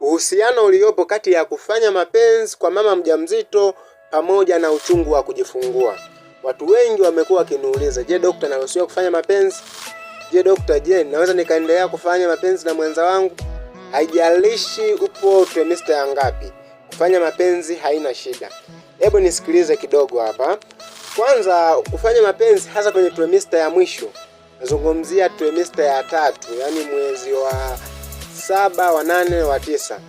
uhusiano uliopo kati ya kufanya mapenzi kwa mama mjamzito pamoja na uchungu wa kujifungua. Watu wengi wamekuwa wakiniuliza, je, dokta, naruhusiwa kufanya mapenzi? Je, dokta, je, naweza nikaendelea kufanya mapenzi na mwenza wangu? Haijalishi upo trimester ya ngapi, kufanya mapenzi haina shida. Hebu nisikilize kidogo hapa. Kwanza, kufanya mapenzi hasa kwenye trimester ya mwisho, nazungumzia trimester ya tatu, yaani mwezi wa saba, wa nane, wa tisa,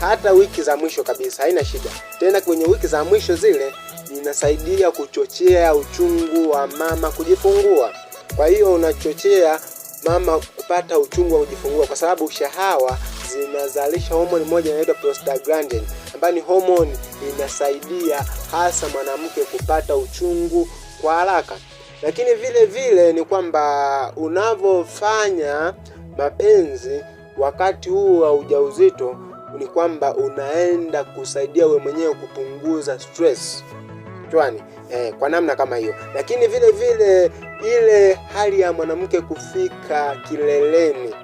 hata wiki za mwisho kabisa, haina shida. Tena kwenye wiki za mwisho zile inasaidia kuchochea uchungu wa mama kujifungua. Kwa hiyo unachochea mama kupata uchungu wa kujifungua, kwa sababu shahawa zinazalisha homoni moja inaitwa prostaglandin, ambayo ni homoni inasaidia hasa mwanamke kupata uchungu kwa haraka. Lakini vile vile ni kwamba unavyofanya mapenzi wakati huu wa ujauzito ni kwamba unaenda kusaidia we mwenyewe kupunguza stress kichwani eh, kwa namna kama hiyo, lakini vile vile ile hali ya mwanamke kufika kileleni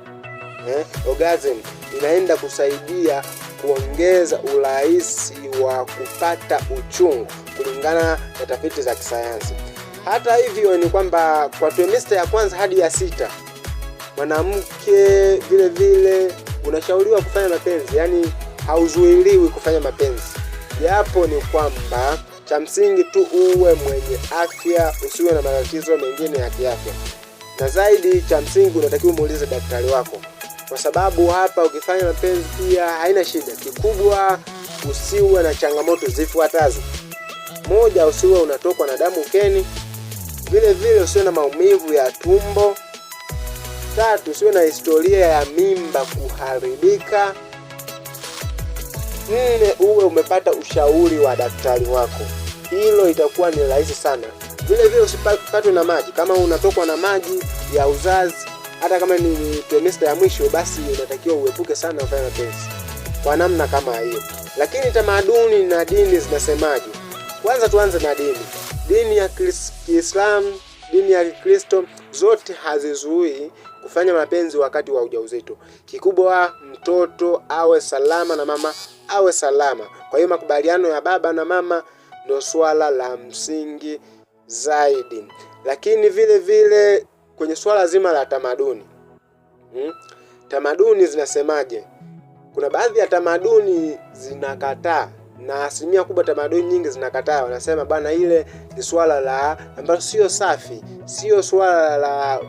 eh, orgasm inaenda kusaidia kuongeza urahisi wa kupata uchungu kulingana na tafiti za kisayansi. Hata hivyo ni kwamba kwa trimester ya kwanza hadi ya sita mwanamke vile vile unashauriwa kufanya mapenzi, yani hauzuiliwi kufanya mapenzi, japo ni kwamba cha msingi tu uwe mwenye afya, usiwe na matatizo mengine ya kiafya, na zaidi cha msingi unatakiwa umuulize daktari wako, kwa sababu hapa ukifanya mapenzi pia haina shida. Kikubwa usiwe na changamoto zifuatazo: moja, usiwe unatokwa na damu ukeni, vile vile usiwe na maumivu ya tumbo Tatu, siwe na historia ya mimba kuharibika. Nne, uwe umepata ushauri wa daktari wako, hilo itakuwa ni rahisi sana. Vile vile usipatwe na maji, kama unatokwa na maji ya uzazi, hata kama ni trimester ya mwisho, basi unatakiwa uepuke sana kufanya mapenzi kwa namna kama hiyo. Lakini tamaduni na dini zinasemaje? Kwanza tuanze na dini. Dini ya Kiislamu, dini ya Kikristo zote hazizuii kufanya mapenzi wakati wa ujauzito. Kikubwa mtoto awe salama na mama awe salama. Kwa hiyo makubaliano ya baba na mama ndio swala la msingi zaidi, lakini vile vile kwenye swala zima la tamaduni hmm? Tamaduni zinasemaje? Kuna baadhi ya tamaduni zinakataa na asilimia kubwa tamaduni nyingi zinakataa. Wanasema bana ile ni swala la ambalo sio safi, sio swala la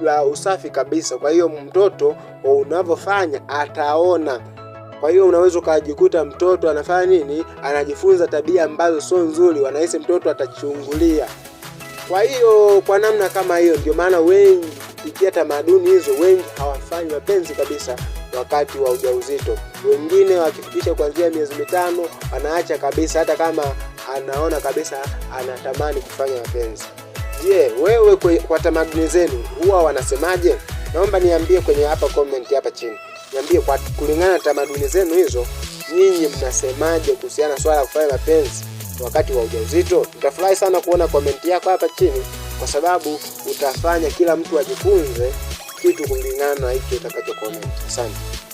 la usafi kabisa. Kwa hiyo mtoto unavyofanya ataona. Kwa hiyo unaweza ukajikuta mtoto anafanya nini, anajifunza tabia ambazo sio nzuri, wanahisi mtoto atachungulia. Kwa hiyo kwa namna kama hiyo, ndio maana wengi kupitia tamaduni hizo, wengi hawafanyi mapenzi kabisa wakati wa ujauzito. Wengine wakifikisha kuanzia miezi mitano wanaacha kabisa, hata kama anaona kabisa anatamani kufanya mapenzi. Je, wewe kwe, kwa tamaduni zenu huwa wanasemaje? Naomba niambie kwenye hapa comment hapa chini, niambie kwa kulingana na tamaduni zenu hizo, nyinyi mnasemaje kuhusiana na swala ya kufanya mapenzi wakati wa ujauzito? Nitafurahi sana kuona comment yako hapa chini, kwa sababu utafanya kila mtu ajifunze kitu kulingana na hicho utakacho comment. Asante.